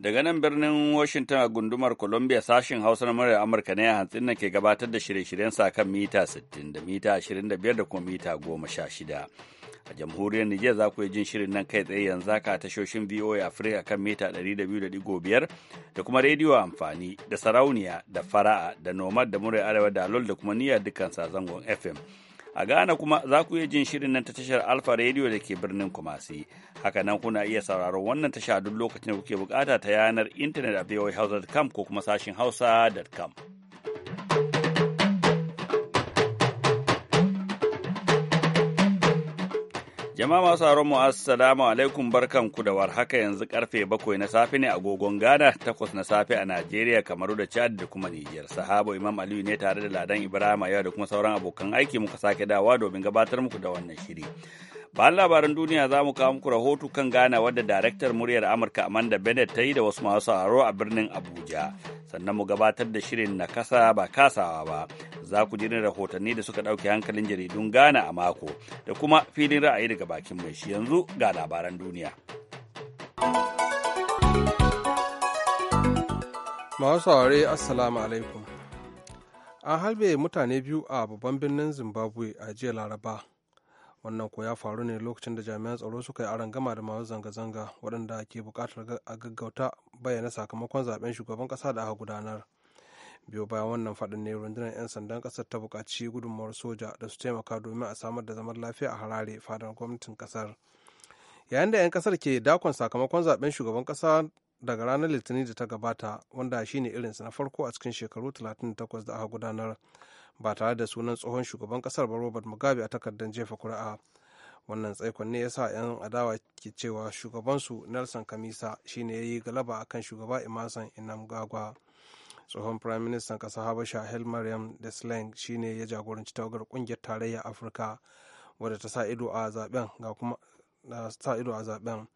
Daga nan birnin Washington a gundumar Columbia sashen Hausa na murar Amurka ne a hantsin nan ke gabatar da shirye-shiryen sa kan mita 60 da mita 25 da kuma mita 16. A jamhuriyar Nijar za ku yi jin shirin nan kai tsaye yanzu haka tashoshin VOA Africa kan mita 200.5 da kuma rediyo amfani da sarauniya da fara'a da nomad da murar arewa da alol da kuma niyyar dukkan sazangon FM. A Ghana kuma za ku iya jin shirin nan ta tashar Alfa Radio da ke birnin Kumasi. Haka nan kuna iya sauraron wannan tasha duk lokacin da kuke bukata ta yanar intanet a Hausa.com ko kuma sashin hausa.com. Jama'a masu sauraron mu assalamu alaikum barkanku da war haka yanzu karfe bakwai na safe ne agogon Ghana takwas na safe a Najeriya kamar da Chad da kuma Nijar. Sahabo Imam Aliyu ne tare da Ladan Ibrahim yau da kuma sauran abokan aiki muka sake dawa domin gabatar muku da wannan shiri. Bayan labaran duniya za mu kawo muku rahoto kan Ghana wadda daraktar muryar Amurka Amanda Bennett ta yi da wasu masu sauraro a birnin Abuja. sannan mu gabatar da shirin na kasa ba kasawa ba za ku jirin rahotanni da suka ɗauke hankalin jaridun Ghana a mako da kuma filin ra'ayi daga bakin mai shi yanzu ga labaran duniya. Masu saurare Assalamu alaikum. An halbe mutane biyu a babban birnin Zimbabwe a jiya Laraba wannan ko ya faru ne lokacin da jami'an tsaro suka yi aron gama da masu zanga-zanga waɗanda ke buƙatar a gaggauta bayyana sakamakon zaben shugaban ƙasa da aka gudanar biyo bayan wannan faɗin ne rundunar 'yan sandan ƙasar ta buƙaci gudunmawar soja da su taimaka domin a samar da zaman lafiya a harare fadar gwamnatin ƙasar yayin da 'yan ƙasar ke dakon sakamakon zaben shugaban ƙasa daga ranar litinin da ta gabata wanda shine irinsa na farko a cikin shekaru 38 da aka gudanar ba tare da sunan tsohon shugaban kasar ba robert mugabe a takardar jefa kuri'a wannan tsaikon ne ya sa 'yan adawa ke cewa shugabansu nelson kamisa shine ya yi galaba akan shugaba imasan inamgagwa tsohon prime minister kasar habasha hel mariam desleng shine ya jagoranci tawagar kungiyar tarayya afirka wadda ta sa ido a zaben ga kuma sa ido a zaben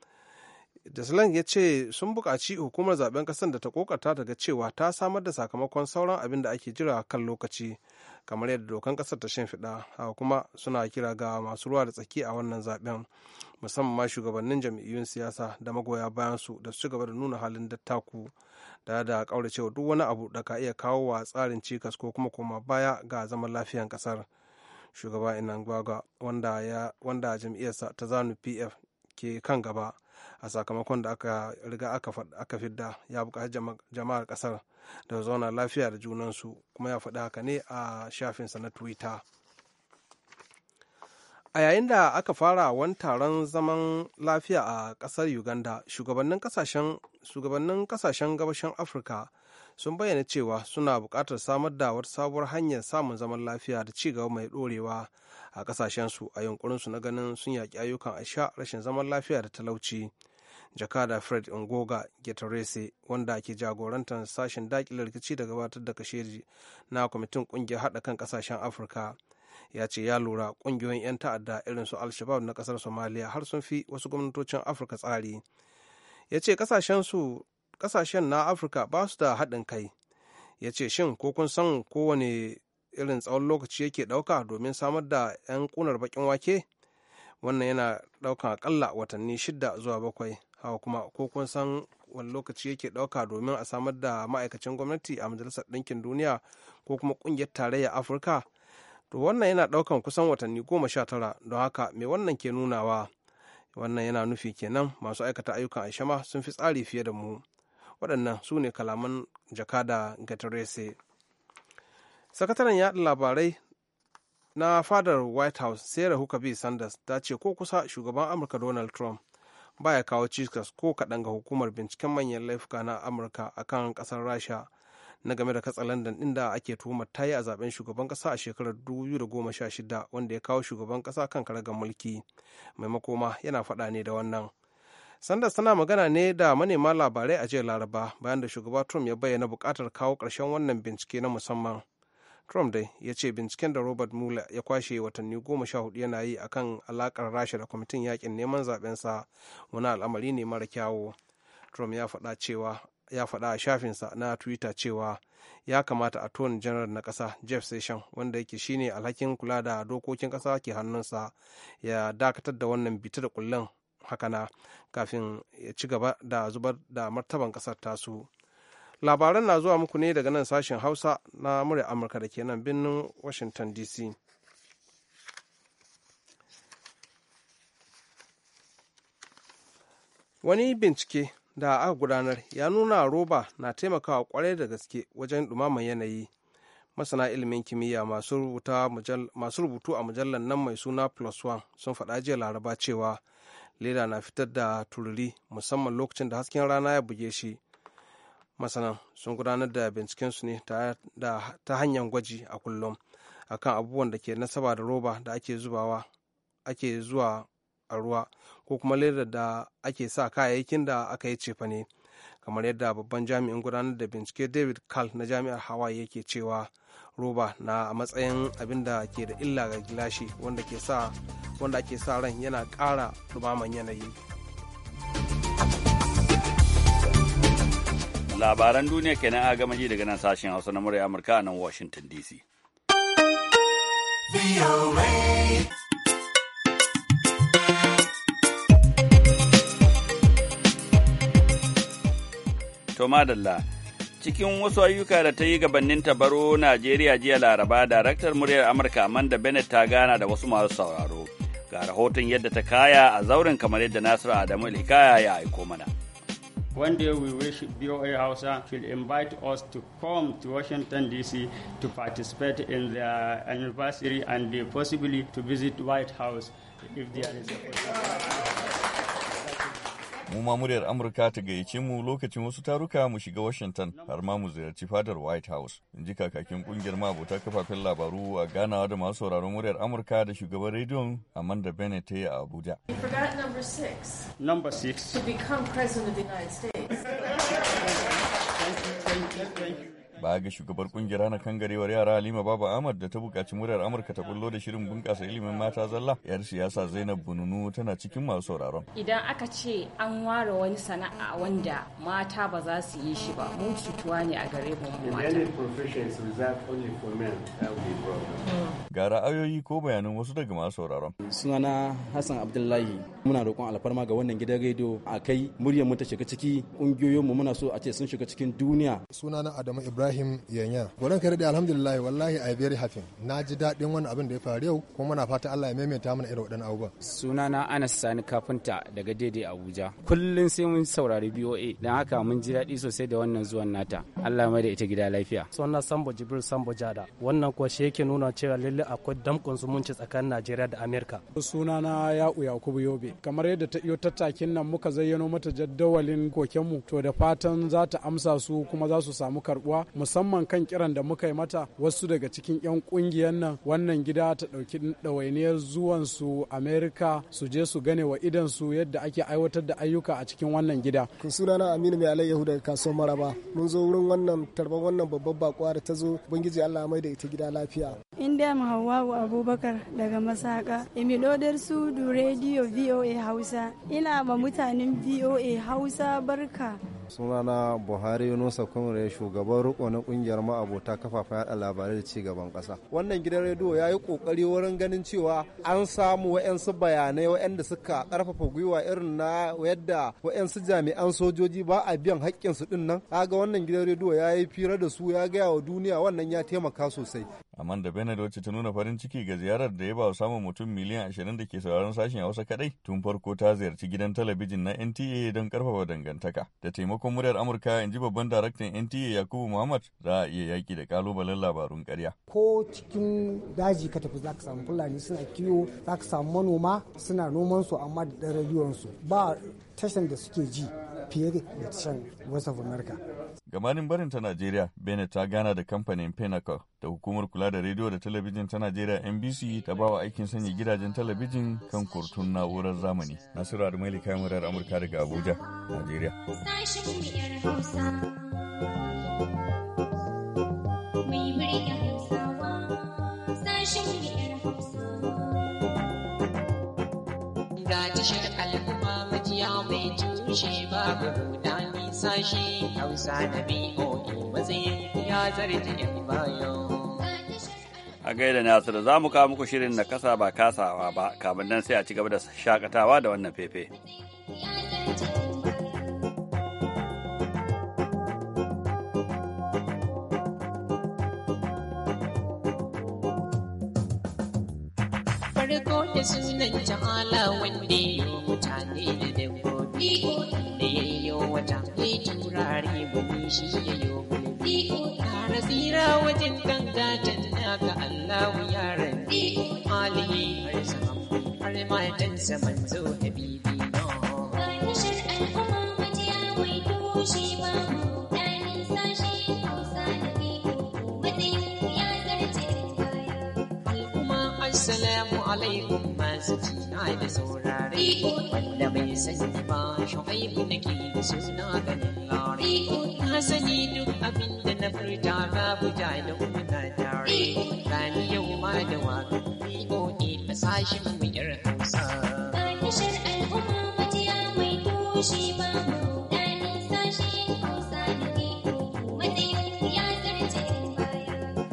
Deslan ya ce sun buƙaci hukumar zaben ƙasar da ta kokarta daga cewa ta samar da sakamakon sauran abin da ake jira kan lokaci kamar yadda dokan kasar ta shimfiɗa haka kuma suna kira ga masu ruwa da tsaki a wannan zaben musamman ma shugabannin jam'iyyun siyasa da magoya bayan su da su gaba da nuna halin dattaku da da kauracewa duk wani abu da ka iya kawo wa tsarin cikas ko kuma koma baya ga zaman lafiyar kasar shugaba inangwagwa wanda ya wanda jam'iyyarsa ta zanu pf ke kan gaba a sakamakon da aka riga aka fidda ya buƙaci jama'ar ƙasar da zauna lafiya da junansu kuma ya faɗi haka ne a shafinsa na twitter a yayin da aka fara wani taron zaman lafiya a ƙasar uganda shugabannin ƙasashen gabashin afirka sun bayyana cewa suna buƙatar samar da wata sabuwar hanyar samun zaman lafiya da ci gaba mai ɗorewa a ƙasashensu a yunkurinsu na ganin sun yaƙi ayyukan aisha rashin zaman lafiya da talauci jakada fred ngoga getarese wanda ke jagorantar sashen daƙilar rikici da gabatar da kasheji, na kwamitin ƙungiyar haɗa kan ƙasashen afirka ya ce ya lura ƙungiyoyin 'yan ta'adda irin su al-shabab na ƙasar somaliya har sun fi wasu gwamnatocin afirka tsari ya ce ƙasashensu. kasashen na afirka ba su da haɗin kai ya ce shin ko kun san kowane irin tsawon lokaci yake ɗauka domin samar da 'yan ƙunar baƙin wake wannan yana ɗaukan akalla watanni shida zuwa bakwai hawa kuma ko kun san wani lokaci yake ɗauka domin a samar da ma'aikacin gwamnati a majalisar ɗinkin duniya ko kuma ƙungiyar tarayya afirka to wannan yana ɗaukan kusan watanni goma sha tara don haka me wannan ke nunawa wannan yana nufi kenan masu aikata ayyukan aishama sun fi tsari fiye da mu waɗannan su ne kalaman jakada gatarese sakataren yaɗa labarai na fadar white house sarah huckabee sanders ta ce ko kusa shugaban amurka donald trump baya kawo cikas ko kaɗan ga hukumar binciken manyan laifuka na amurka a kan ƙasar rasha na game da katsalandan ɗin da ake tuhumar ta yi a zaben shugaban ƙasa a shekarar 2016 wanda ya kawo shugaban ƙasa kan karagar mulki maimako ma yana faɗa ne da wannan sanders sana magana ne da manema labarai a jiya laraba bayan da shugaba trump ya bayyana buƙatar kawo ƙarshen wannan bincike na musamman trump dai ya ce binciken da robert mueller ya kwashe watanni goma sha hudu yana yi akan alakar rasha da kwamitin yakin neman zabensa wani al'amari ne mara kyawu trump ya faɗa cewa ya faɗa a shafinsa na twitter cewa ya kamata a ton general na ƙasa jeff session wanda yake shine alhakin kula da dokokin ƙasa ke hannunsa ya dakatar da wannan bita da kullun hakana kafin ya ci gaba da zubar da martaban kasar tasu labaran na zuwa muku ne daga nan sashen hausa na murya amurka da ke nan birnin washington dc wani bincike da aka gudanar ya nuna roba na taimakawa kwarai da gaske wajen ɗumaman yanayi masana ilimin kimiyya masu rubutu a mujallar nan mai suna plus one sun faɗa jiya laraba cewa leda na fitar da tururi musamman lokacin da hasken rana ya buge shi masanan sun gudanar da bincikensu ne ta hanyar gwaji a kullum akan abubuwan da ke nasaba da roba da ake zubawa ake zuwa a ruwa ko kuma leda da ake sa kayayyakin da aka yi cefane kamar yadda babban jami'in gudanar da bincike david kal na jami'ar hawaii yake cewa roba na a matsayin abin da ke da illa ga gilashi wanda ke sa wanda ake sa ran yana kara dumaman yanayi labaran duniya kenan a gama ji daga nan sashen hausa na murya amurka nan washington dc To madalla. Cikin wasu ayyuka da ta yi gabanin baro Najeriya jiya Laraba, daraktar muryar Amurka Amanda Bennett ta gana da wasu masu sauraro. Ga rahoton yadda ta kaya a zauren kamar yadda Nasiru Adamu Ilhikaya ya aiko mana. One day we wish BOA Hausa should invite us to come to Washington, D.C. to participate in their anniversary and possibly to visit White House if there is a possibility. mu ma muryar Amurka ta gayyace mu lokacin wasu taruka mu shiga Washington har ma mu ziyarci fadar White House. In ji kakakin kungiyar mabota kafafen labaru a ganawa da masu sauraron muryar Amurka da shugaban rediyon Amanda Bennett ta yi a Abuja. Number Ba ga shugabar kungiyar hana kan garewar yara Halima Baba Ahmad da ta buƙaci muryar Amurka ta bullo da shirin bunƙasa ilimin mata zalla, yar siyasa Zainab Bununu tana cikin masu sauraron. Idan aka ce an ware wani sana'a wanda mata ba za su yi shi ba, mun cutuwa ne a gare mu mata. Mm. Gara ayoyi ko bayanan wasu daga masu sauraron. Sunana Hassan Abdullahi muna roƙon alfarma ga wannan gidan rediyo a kai muryar mu ta shiga ciki ƙungiyoyin mu muna so a ce sun shiga cikin duniya sunana Adamu Ibrahim Yanya gurin kai da alhamdulillah wallahi I very happy na ji daɗin wannan abin da ya faru yau kuma muna fata Allah ya maimaita mana irin waɗannan abubuwan sunana Anas Sani Kafinta daga daidai Abuja kullun sai mun saurari BOA dan haka mun ji daɗi sosai da wannan zuwan nata Allah mai da ita gida lafiya sunana Sambo Jibril Sambo Jada wannan kuwa shi yake nuna cewa lalle akwai damkon zumunci tsakanin Najeriya da Amerika sunana Ya'u Yakubu Yobe kamar yadda ta iyo tattakin nan muka zayyano mata jaddawalin kokenmu to da fatan za ta amsa su kuma za su samu karbuwa musamman kan kiran da muka yi mata wasu daga cikin 'yan kungiyar nan wannan gida ta dauki ɗawainiyar zuwan su america su je su gane wa idan su yadda ake aiwatar da ayyuka a cikin wannan gida sunana aminu mai alayyahu daga kasuwar maraba mun zo wurin wannan tarban wannan babbar bakuwa da ta zo ubangiji allah mai da ita gida lafiya inda mu hawa abubakar daga masaka emilodar su du radio voa VOA Hausa. Ina ma mutanen VOA Hausa barka. sunana buhari yunusa kumre shugaban riko na kungiyar ma'abota kafafen yada labarai da cigaban kasa wannan gidan rediyo ya yi kokari wurin ganin cewa an samu wa'yansu bayanai wa'yanda suka karfafa gwiwa irin na yadda wa'yansu jami'an sojoji ba a biyan haƙƙinsu din nan kaga wannan gidan rediyo ya yi fira da su ya gaya wa duniya wannan ya taimaka sosai Amanda Bennett wacce ta nuna farin ciki ga ziyarar da ya ba wa samun mutum miliyan ashirin da ke sauraron sashen Hausa kadai tun farko ta ziyarci gidan talabijin na NTA don karfafa dangantaka. Da taimakon muryar Amurka in ji babban daraktan NTA Yakubu Muhammad za a iya yaki da kalubalen labarun karya. Ko cikin daji ka tafi zaka samu Fulani suna kiwo, zaka samu manoma suna noman su amma da rediyon su ba tashan da suke ji fiye da can West of America. Gabanin barin ta Najeriya, Bennett ta gana da kamfanin Pinnacle da hukumar kula da rediyo da talabijin ta Najeriya NBC ta bawa aikin sanya gidajen talabijin kan kurtun na'urar zamani. Nasiru Adamali kayan Amurka daga Abuja, Najeriya. shi ba na nisa shi hausa na matsayin ya yan bayo a gaida nasiru za mu kawo muku shirin na kasa ba kasawa ba kamar nan sai a ci gaba da shakatawa da wannan fefe. farko da sunan jahala wanda shi Assalamu alaikum masu jina da saurare wanda bai sani ba shu'aibu nake da suna ganin sani duk abin da na furta babu da na tare rani yau ma da waka ne a sashen mu yar Hausa. Ba tashar al'umma majiya mai toshe ba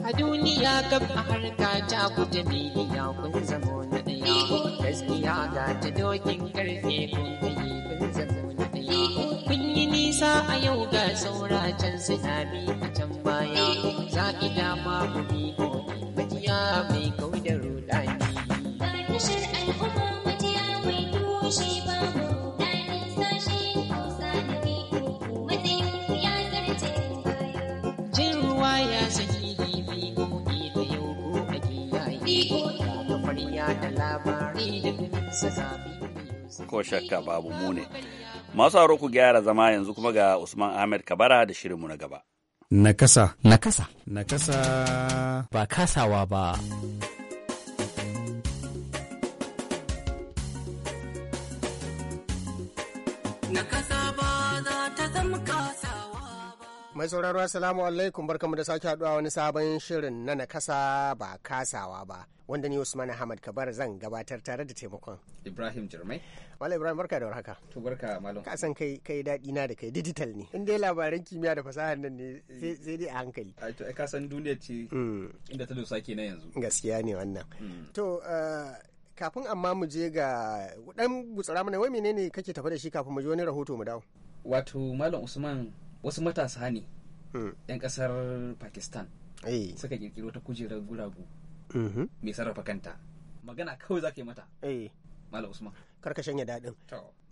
A duniya gab a harka ta ku da miliya kun zamo na ɗaya gaskiya ga ta dokin karfi saura can su dami a can baya za ki dama ku bi gobe majiya mai kau da rudani. Ba al'umma majiya mai tushe babu rudani sashe hausa da biyu matsayin ku ya zarce baya. Jin ruwa ya saki bibi gobe da yau ko a kiyaye. Kafar yada farya da ganin sa Ko shakka babu mu ne. Masu aro ku gyara zama yanzu kuma ga Usman Ahmed Kabara da shirinmu na gaba. Nakasa. Nakasa. Nakasa. Ba kasawa ba. Mai sauraro Assalamu alaikum barkamu da sake haduwa wani sabon shirin na nakasa ba kasawa ba. Wanda ni Usman Ahmad Kabar zan gabatar tare da taimakon. Ibrahim Jirmai. Wala Ibrahim barka da warhaka. To barka malam. Ka san kai kai dadi na da kai digital ne. In dai labaran kimiyya da fasahar nan ne sai dai a hankali. Ai to ka san duniya ce mm. inda ta dosa na yanzu. Gaskiya ne wannan. Mm. To eh, kafin amma mu je ga dan gutsara mana wai menene kake tafa da shi kafin mu je wani rahoto mu dawo. Wato malam Usman wasu matasa ne hmm. yan kasar pakistan suka ƙirƙiri wata kujerar guragu mm-hmm. mai sarrafa kanta magana kawai za ka yi mata mala Usman. Karkashin ya daɗin.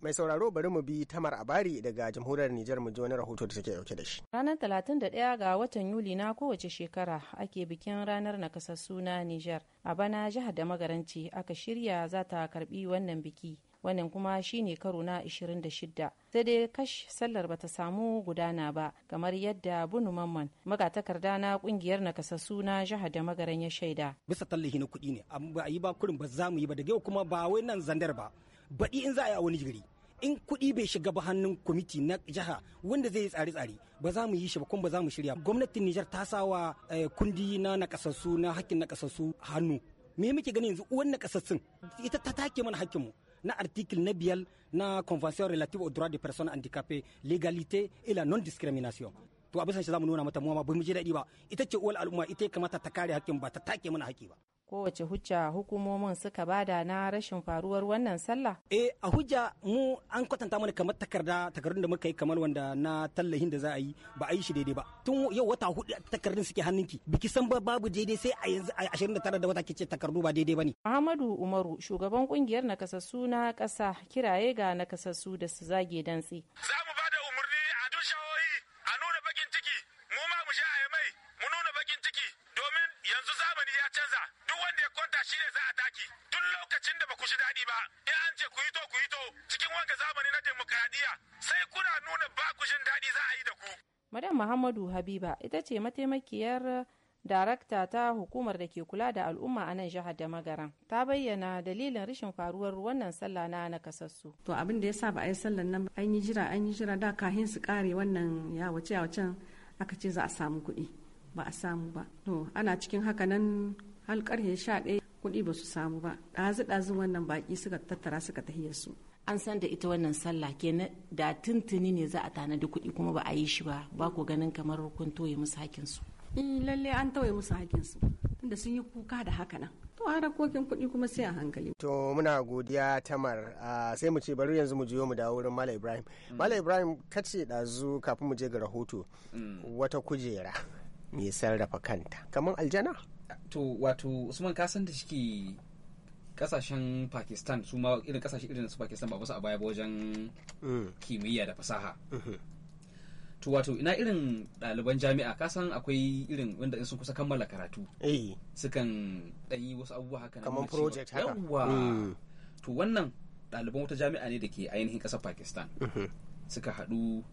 Mai sauraro bari mu bi Tamar Abari daga jamhuriyar Nijar mu ji wani rahoto da take dauke da shi. Ranar talatin da 31 ga watan Yuli na kowace shekara ake bikin ranar nakasassu suna Nijar. A bana jihar da magaranci aka shirya za ta karbi wannan biki wannan kuma shine karo na 26 sai dai kash sallar bata samu gudana ba kamar yadda bunu mamman magatakarda na kungiyar nakasassu na jihar da magaran ya shaida bisa tallahi na kudi ne ba yi ba kurin ba za mu yi ba daga yau kuma ba wai nan zandar ba baɗi in za a yi a wani jiri in kuɗi bai shiga ba hannun kwamiti na jiha wanda zai yi tsare-tsare ba za mu yi shi ba kuma ba za mu shirya gwamnatin Nijar ta sawa eh, kundi na nakasassu na hakkin nakasassu hannu me muke gani yanzu uwan nakasassun ita ta take mana hakkinmu na article na biyar na convention relative aux droits des personnes handicapées l'égalité et la non discrimination to abin shi zamu nuna mata mu ba mu je daɗi ba ita ce uwar al'umma ita kamata ta kare hakkin ba ta take mana haƙƙi ba kowace hujja hukumomin suka bada na rashin faruwar wannan sallah? Eh a hujja mu an kwatanta mana kamar takarda takardun da muka yi kamar wanda na tallahin da za a yi ba a yi shi daidai ba. Tun yau wata hudu takardun suke hannunki biki san babu daidai sai a yanzu a ashirin da tara da wata ce takardu ba daidai ba ne. Muhammadu Umaru shugaban kungiyar nakasassu na kasa kiraye ga nakasassu da su zage dantse. Za muhammadu habiba ita ce mataimakiyar darakta ta hukumar da ke kula da al'umma a nan jihar da magaran ta bayyana dalilin rashin faruwar wannan sallah na nakasassu to abin da ya sa ba a yi sallan nan an yi jira an yi jira da kahin su kare wannan ya wace ya aka ce za a samu kuɗi ba a samu ba to ana cikin haka nan har karhe sha ɗaya kuɗi ba su samu ba ɗazu ɗazu wannan baƙi suka tattara suka tahiyar su an san da ita wannan sallah ke da tuntuni ne za a tanadi kuɗi kuma ba a yi shi ba ba ku ganin kamar kun toye musu hakinsu. Eh, lalle an tawaye musu hakinsu tunda sun yi kuka da haka nan to harakokin kuɗi kuma sai a hankali. to muna godiya tamar ah, sai mu ce bari yanzu mu jiyo mu dawo wurin malam ibrahim mm. malam ibrahim kace ɗazu kafin mu je ga rahoto mm. wata kujera mai sarrafa kanta kamar aljana. to wato usman ka san da shi kasashen pakistan su ma irin kasashe irin su pakistan ba su a baya wajen mm. kimiyya da fasaha mm-hmm. to wato ina irin ɗaliban jami'a kasan akwai irin wanda in sun kusa kammala karatu sukan ɗan yi wasu abubuwa haka kamar project haka yawa mm. to wannan ɗaliban wata jami'a ne da ke ainihin ƙasar pakistan mm-hmm. suka haɗu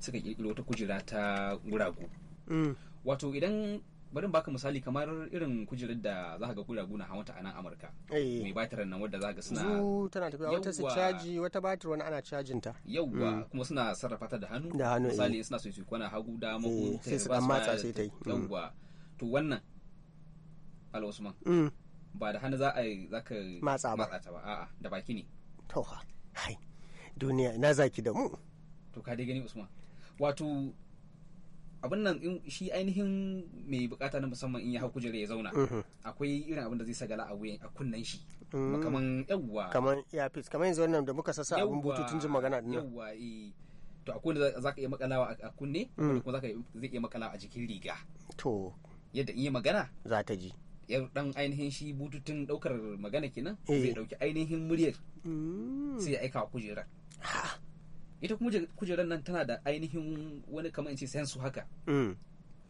suka ƙirƙiro wata kujera ta guragu mm. wato idan bari in baka misali kamar irin kujerar da za ka ga guragu na hawanta a nan Amurka. Eh. Mai batiran nan wadda za ka suna zu tana tafiya wata su caji wata batir wani ana cajin ta. Yawwa mm. kuma suna sarrafa ta da hannu. Da hannu. Misali eh. suna so su kwana hagu da mu eh, sai su dan matsa sai ta yi. Mm. to wannan Al Usman. Mm. Ba da hannu za a yi za ka matsa ba. A'a da baki ne. To hai duniya na zaki da mu. To ka dai gani Usman. Wato abin nan shi ainihin mai bukata na musamman in ya hau kujera ya zauna mhm. akwai irin abin da zai sagala a wuyan a kunnan shi mm. Kamar yawwa ya earpiece kamar yanzu wannan da muka sassa abin bututun jin magana din yawwa eh to akwai da ka iya makalawa a kunne mm. wanda kuma ka zai iya makalawa a jikin riga to yadda in yi magana za ta ji yar dan ainihin shi bututun daukar magana kenan eh. zai dauki ainihin muryar mm. sai ya aika kujerar ita kujerar nan tana da ainihin wani kamar in ce sensu haka mm.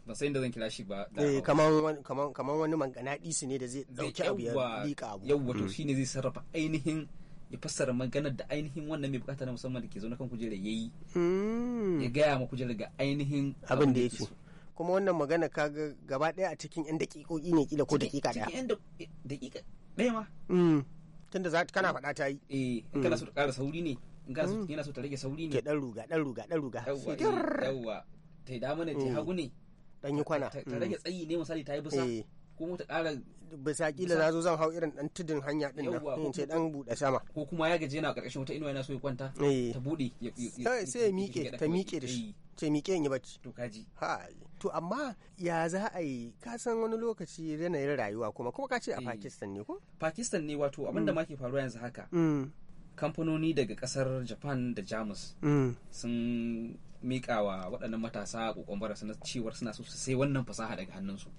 ban san da zan kira shi ba eh, Kamar wani manganaɗisi ne da zai dauki abu ya liƙa abu yawa to mm. shine zai sarrafa ainihin ya fassara maganar da ainihin wannan mai bukata na musamman da ke zaune kan kujera yi mm. ya gaya ma kujera ga ainihin abin da yake kuma wannan magana kaga gaba daya a cikin yan daƙiƙoƙi ne kila ko daƙiƙa daya cikin daƙiƙa ɗaya ma tunda za kana faɗa ta yi eh kana so ka ƙara sauri ne in yana so ta rage sauri ne ke dan ruga dan ruga dan ruga yawwa ta da mana ta hagu ne dan yi kwana ta rage tsayi ne misali ta yi busa ko mota ƙara bisa kila na zo zan hau irin dan tudun hanya din nan ce dan bude sama ko kuma ya gaje na karkashin wata inuwa yana so ya kwanta ta bude sai ya miƙe ta miƙe da shi ce miƙe in yi bacci to kaji ha to amma ya za a yi ka san wani lokaci yanayin rayuwa kuma kuma ka ce a Pakistan ne ko Pakistan ne wato abin da ma ke faruwa yanzu haka kamfanoni daga kasar japan da jamus mm. sun mika wa waɗannan matasa kokon bara suna cewar suna so su sai wannan fasaha daga hannunsu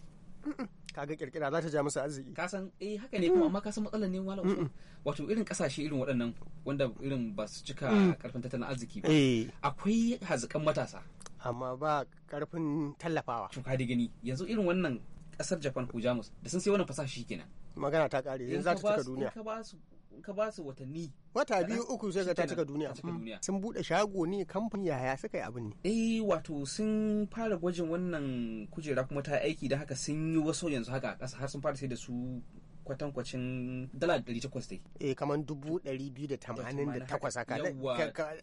kaga kirkira za ta ja musu arziki ka san eh haka ne kuma mm. amma ka san matsalar ne wala wato irin kasashe irin waɗannan wanda irin ba su cika karfin mm. tattalin arziki ba eh. akwai hazikan matasa amma ba karfin tallafawa to ka gani yanzu irin wannan kasar Japan ko Jamus da sun sai wannan fasaha kenan magana ta kare yanzu za ta cika duniya ka ba su watanni wata biyu uku sai ga ta cika duniya sun bude shago ne kamfani yaya suka yi abin ne eh wato sun fara gwajin wannan kujera kuma ta aiki da haka sun yi wasu yanzu haka a ƙasa har sun fara sai da su kwatankwacin dala ɗari takwas dai. Eh kamar dubu ɗari biyu da tamanin da takwas haka.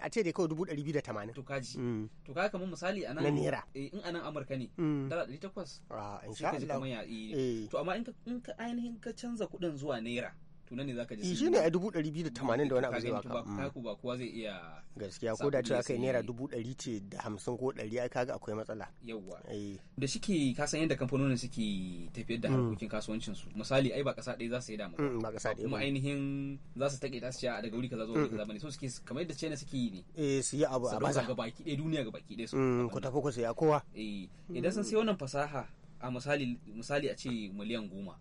A ce dai kawai dubu ɗari biyu da tamanin. To kaji. Mm. To kaga kamar misali a nan. Na naira. Eh, in a nan Amurka ne. Mm. Dala ɗari takwas. Ah in sha Allah. Eh. Eh. To amma in ka ainihin ka canza kuɗin zuwa naira. tunan ne zaka ji eh, shi ne a dubu da tamanin da wani abu zai baka kaku mm. ba kowa zai iya gaskiya ko da cewa kai naira dubu ɗari ce da hamsin ko ɗari ai kaga akwai matsala yawwa eh. da shike ka san yadda kamfanonin suke tafiyar da mm. harkokin kasuwancin su misali ai ba kasa ɗaya za su yi damu ba kasa mm, ɗaya kuma ainihin za su take ta su a daga wuri kaza zuwa wuri kaza bane so suke kamar yadda China suke yi ne eh su yi abu a baza ga baki ɗaya duniya ga baki ɗaya su ku tafi ku saya kowa eh idan sun sai wannan fasaha a misali misali a ce miliyan goma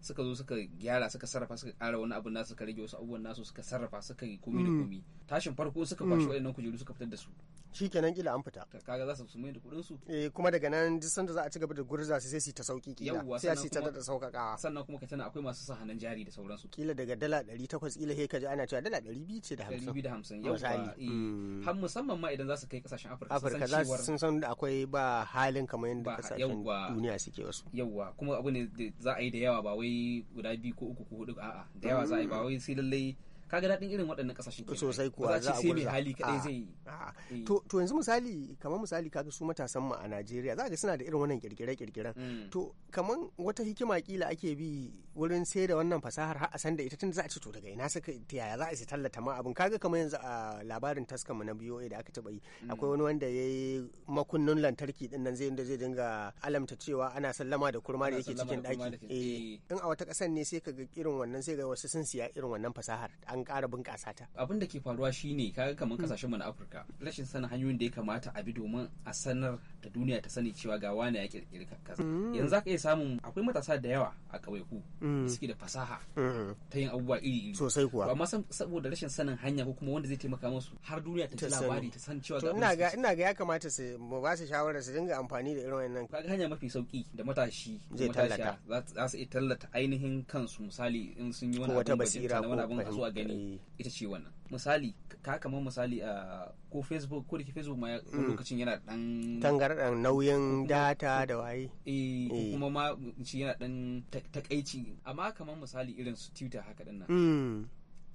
suka zo suka gyara suka sarrafa suka ƙara wani abu nasu suka rage wasu abubuwan nasu suka sarrafa suka yi komi da mm. komi tashin farko suka kwashi mm. waɗannan kujeru suka fitar da su shi kenan kila an fita kaga za su su mai da kuɗin su eh kuma daga nan duk sanda za a ci gaba da gurza su sai su ta sauki kila sai su ta da saukakawa sannan kuma ka tana akwai masu sa hannun jari da sauransu kila daga dala 800 kila sai ka ji ana cewa dala 200 ce da 50 250 yawa har musamman ma idan za su kai kasashen Afirka Afirka za su sun san da akwai ba halin kamar yadda kasashen duniya suke wasu yawa kuma abu ne za a yi da yawa ba wai wai guda biyu ko uku ko hudu a'a da yawa za a yi ba wai sai lallai kaga daɗin irin waɗannan ƙasashen ke sosai kuwa za a sai hali kaɗai zai eh. to to yanzu misali kamar misali kaga su matasan mu a Najeriya za ga suna da irin wannan kirkire kirkiren mm. to kamar wata hikima kila ake bi wurin sai da wannan fasahar har a san da ita tun za a ci to daga ina suka yaya za a tallata ma abin kaga kamar yanzu a labarin taskan mu na BOA da aka taba yi mm. akwai wani wanda ya yi makunnun lantarki din nan zai zai dinga alamta cewa ana sallama da kurma da yake cikin daki eh, eh in a wata kasan ne sai kaga irin wannan sai ga wasu sun siya irin wannan fasahar an ƙara bunƙasa ta abin da ke faruwa shine kaga kamar kasashen hmm. mu na Afirka rashin sanin hanyoyin da ya kamata a bi domin a sanar da duniya ta sani cewa ga wani ya kirkiri kaza mm. yanzu zaka iya samun akwai matasa da yawa a ƙauyaku mm. suke da fasaha mm. ta yin abubuwa iri iri sosai kuwa amma saboda rashin sanin hanya ko kuma wanda zai taimaka musu har duniya ta ci labari ta san cewa ga ina ga ina ga ya kamata su mu ba su shawara su dinga amfani da irin wannan kaga hanya mafi sauki da matashi zai tallata za su iya tallata ainihin kansu misali in sun yi wani abin basira ko wani abin a gani ita ce wannan misali ka kamar misali a ko facebook ko da ke facebook ma mm. lokacin yana dan tangardan nauyin data da waye eh, eh. kuma ma shi yana dan takaici amma kamar misali irin su twitter haka din nan mm.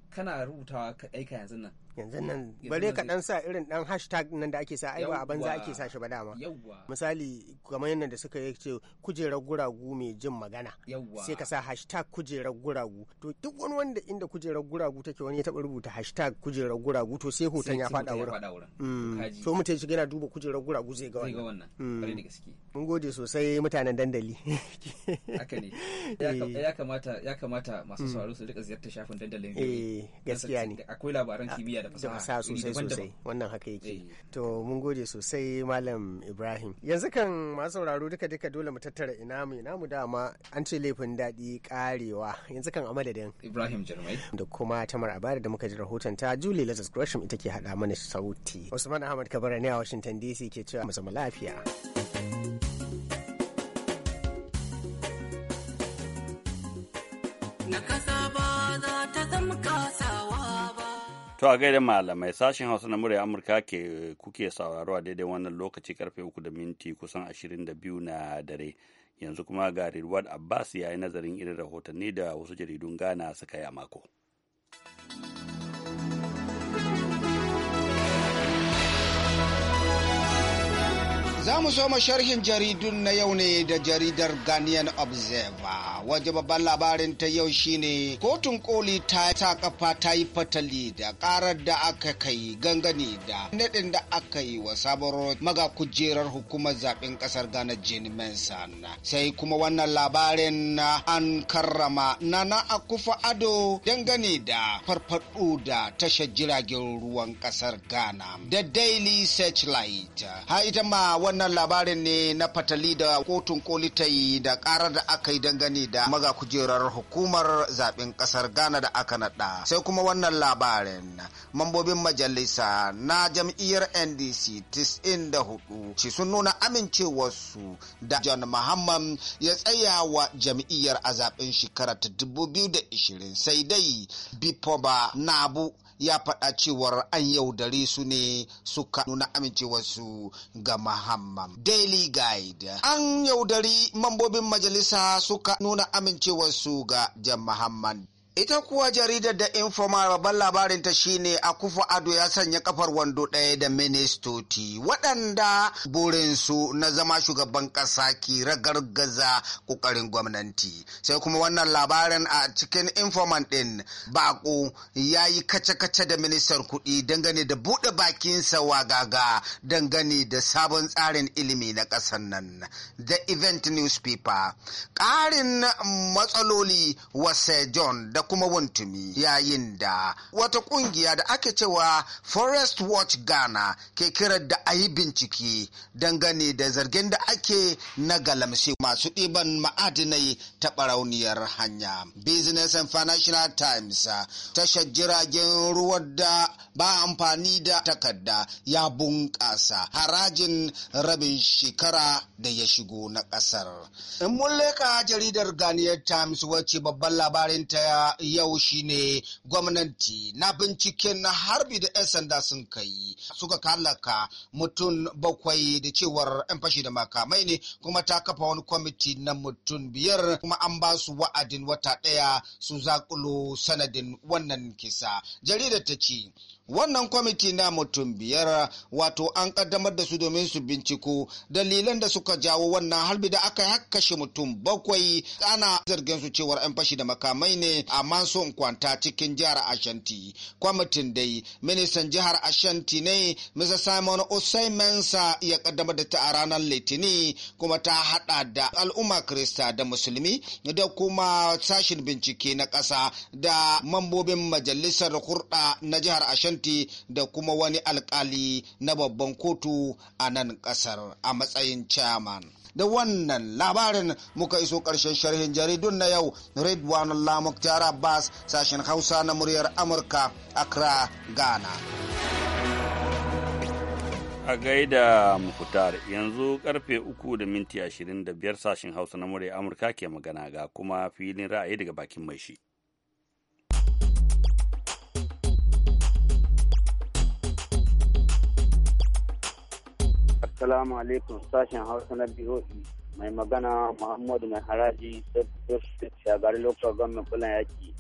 kana rubutawa ka aika yanzu nan yanzu nan bare ka dan sa irin dan hashtag nan da ake sa ai ba a banza ake sa shi ba dama misali kamar yadda da suka ce kujerar guragu mai jin magana sai ka sa hashtag kujerar guragu to duk wani wanda inda kujerar guragu take wani ya taba rubuta hashtag kujerar guragu to sai hoton ya fada wurin mu mm. mutum shi yana duba kujerar guragu zai ga wannan mm. mun gode sosai mutanen dandali haka ne eh. ya kamata ya kamata masu sauraro su rika ziyartar shafin dandalin eh, gaskiya ne akwai labaran kimiyya da fasaha sosai sosai wannan haka yake eh. to mun gode sosai malam ibrahim yanzu kan masu sauraro duka duka dole mu tattara ina mu ina mu dama an ce laifin daɗi karewa yanzu kan a madadin ibrahim jarmai da kuma tamar abada da muka ji rahoton ta julie lazarus gresham ita ke haɗa mana sauti usman ahmad kabara ne a washington dc ke cewa mu zama lafiya. To a gaida malamai sashen Hausa na murya Amurka ke kuke sauraro a daidai wannan lokaci karfe uku da minti kusan ashirin da biyu na dare. Yanzu kuma ga Rilwad Abbas ya yi nazarin irin rahotanni da wasu jaridun Ghana suka yi a mako. Za mu so sharhin jaridun na yau ne da jaridar Ghanaian Observer. Waje babban labarin ta yau shine kotun koli ta ta kafa ta yi fatali da karar da aka kai gangani da nadin da aka yi wa sabon maga kujerar hukumar zaben kasar Ghana Jane Manson. Sai kuma wannan labarin na. an karrama Nana Akufa Ado dangane da farfadu da tashar jiragen ruwan kasar Ghana. Da Daily Searchlight. Ha ita ma wannan labarin ne na fatali da kotun koli ta yi da karar da aka yi dangane da maga kujerar hukumar zaben ƙasar ghana da aka naɗa sai kuma wannan labarin mambobin majalisa na jam'iyyar ndc hudu. ci sun nuna amincewarsu da john muhammad ya tsayawa jam'iyyar a zaben shekara ta 2020 sai dai bipoba nabu ya faɗa cewar an yaudare su ne suka nuna amincewarsu ga Muhammad. Daily Guide an yaudari mambobin majalisa suka nuna amincewarsu ga Jan Muhammad. Ita kuwa jaridar da Informa babban labarinta shine kufa Ado ya sanya kafar wando ɗaya da ministoci waɗanda burinsu na zama shugaban ƙasa ki ragargaza ƙoƙarin gwamnati. Sai kuma wannan labarin a cikin Informan ɗin baƙo ya yi kace-kace da ministan kuɗi dangane da buɗe bakinsa wagaga dangane da sabon tsarin ilimi na ƙasar nan. The Event Newspaper. Ƙarin matsaloli wa John da kuma wuntumi yayin da wata kungiya da ake cewa forest watch ghana ke kirar da a yi bincike dangane da zargin da ake na galamshe masu ɗiban ma'adinai ta barauniyar hanya business and financial times tashar jiragen ruwan da ba amfani da takarda ya bunƙasa harajin rabin shekara da ya shigo na ƙasar in mun leka jaridar ganiyar times wacce babban labarin ta yau shine gwamnati na binciken harbi da 'yan sanda sun kai suka kalaka mutum bakwai da cewar 'yan fashi da makamai ne kuma ta kafa wani kwamiti na mutum biyar kuma an ba su wa'adin wata ɗaya su zakulo sanadin wannan kisa jaridar ta ce wannan kwamiti na mutum biyar wato an kaddamar da su domin su binciko dalilan da suka jawo wannan harbi da aka hakkashe mutum bakwai ana zargin su cewar 'yan fashi da makamai ne a manson kwanta cikin jihar ashanti kwamitin dai ministan jihar ashanti ne mr simon osaimensa ya kaddamar da ta a ranar litini kuma ta hada da al'umma krista da musulmi da kuma sashin bincike na kasa da mambobin majalisar hurɗa na jihar ashanti gwamnati da kuma wani alkali na babban kotu a nan kasar a matsayin chairman. da wannan labarin muka iso karshen sharhin jaridun na yau Redwan Allah Tara Abbas sashen Hausa na muryar Amurka Accra Ghana. A gaida mukutar yanzu karfe uku da minti ashirin da biyar sashen Hausa na muryar Amurka ke magana ga kuma filin ra'ayi daga bakin mai shi. Assalamu alaikum sashen Hausa na BOE mai magana Muhammadu mai haraji shagari lokacin gwamnan kulan yaki.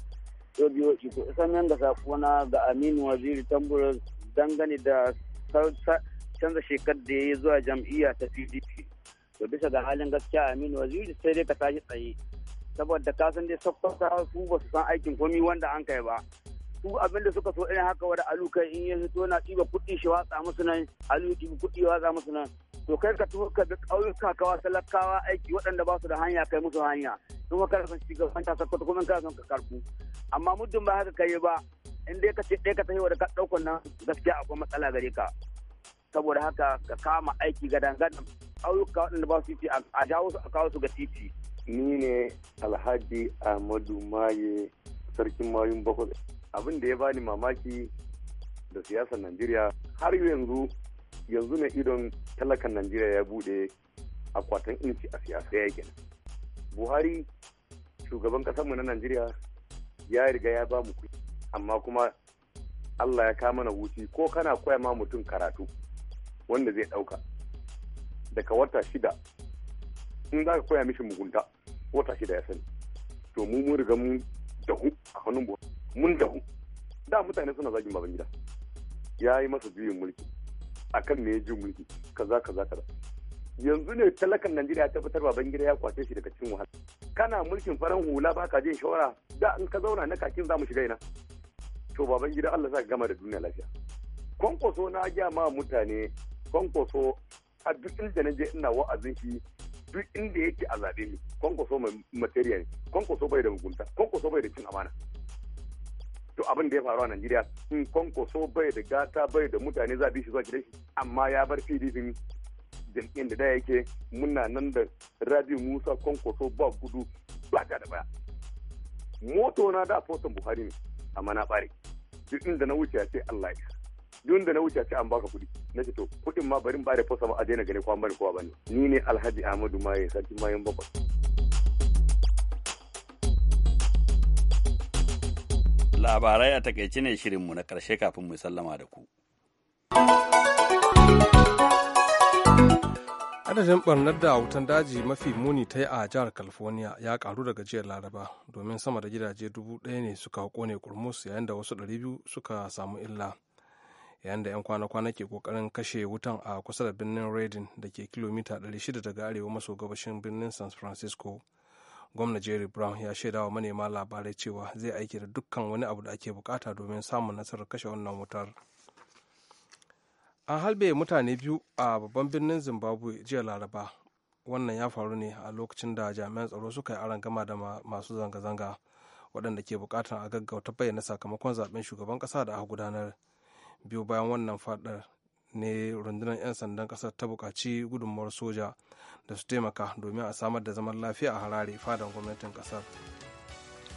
To BOE ku isan nan da sakona ga Aminu Waziri Tambura dangane da canza shekar da ya yi zuwa jam'iyya ta PDP. To bisa ga halin gaskiya Aminu Waziri sai dai ka tashi tsaye. Saboda ka san dai sakwata su ba su san aikin komi wanda an kai ba. su da suka so ina haka wada aluka in ya fito na ɗiba kuɗi shi watsa musu nan alu ɗiba kuɗi watsa musu nan to kai ka tuhu ka bi ƙauyuka kawa talakawa aiki waɗanda ba su da hanya kai musu hanya kuma kada son shugaban ta sakkwato kuma kada san ka karbu amma muddin ba haka kai ba in dai ka ce ɗaya ka tafi wadda ka ɗaukar nan gaskiya akwai matsala gare ka saboda haka ka kama aiki gadan gadan ƙauyuka waɗanda ba su titi a jawo su a kawo su ga titi. ni ne alhaji amadu maye sarkin mayun bakwai abin da ya bani mamaki da siyasar najeriya har yanzu yanzu ne idon talakan najeriya ya bude akwatan inci a siyasa ya gina buhari shugaban mu na najeriya ya riga ya ba mu kuɗi amma kuma allah ya kama na wuci ko kana koya ma mutum karatu wanda zai ɗauka daga wata shida in za ka koya mishi mugunta wata shida ya sani to mu mun riga mun dahu a hannun buhari mun dahu da mutane suna zagin baban gida ya yi masa juyin mulki a me ya ji mulki kaza kaza kaza yanzu ne talakan Najeriya ta fitar baban gida ya kwace shi daga cikin wahala kana mulkin faran hula baka jin shawara da in ka zauna na kakin za mu shiga ina to baban gida Allah sa gama da duniya lafiya kwankwaso na gya ma mutane kwankwaso a duk inda na je ina wa'azin shi duk inda yake a zaɓe ni kwankwaso mai materiya ne kwankwaso bai da mugunta kwankwaso bai da cin amana to abin da ya faru a Najeriya in kwankwaso bai da gata bai da mutane za a shi zuwa shi amma ya bar PDP jam'iyyar da da yake muna nan da Radio Musa kwankwaso ba gudu ba da baya moto na da fotan Buhari ne amma na bare duk inda na wuce ya ce Allah ya duk inda na wuce ya ce an baka kuɗi na ce to kuɗin ma bari bare fosa ma a daina gane kwan bari kowa bane ni ne Alhaji Ahmadu Maye sarki mayan bakwai Labarai a takaice ne shirinmu na ƙarshe kafin mu sallama da ku. Adadin ɓarnar da wutan daji mafi muni ta yi a jihar California ya karu daga jiya Laraba domin sama da gidaje dubu ɗaya ne suka kone kurmus yayin da wasu ɗari biyu suka samu illa. Yayin da 'yan kwana-kwana ke kokarin kashe wutan a kusa da birnin Redding da ke kilomita 600 daga arewa maso gabashin birnin San Francisco. gwamna jerry brown ya shaida wa manema labarai cewa zai aiki da dukkan wani abu da ake bukata domin samun nasarar kashe wannan wutar an halbe mutane biyu a babban birnin zimbabwe jiya laraba wannan ya faru ne a lokacin da jami'an tsaro suka yi aron gama da masu zanga-zanga waɗanda ke bukatar a gaggauta bayyana sakamakon zaben shugaban ƙasa da aka gudanar biyu bayan wannan faɗar. ne rundunar 'yan sandan kasar ta bukaci gudunmuwar soja da su taimaka domin a samar da zaman lafiya a harare fadan gwamnatin kasar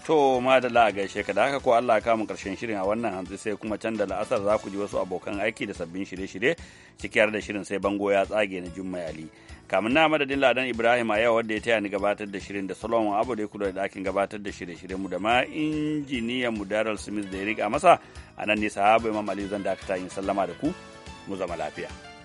to da a gaishe ka da haka ko Allah kamun karshen shirin a wannan hantsi sai kuma can da la'asar za ku ji wasu abokan aiki da sabbin shirye-shirye ciki har da shirin sai bango ya tsage na jummai ali kamun na madadin ladan ibrahim a yau wanda ya taya ni gabatar da shirin da solomon abu da ya da ɗakin gabatar da shirye-shirye mu da ma injiniyan mu daryl smith da ya riga masa a nan ne sahaba imam ali zan dakata yin sallama da ku mu zama lafiya.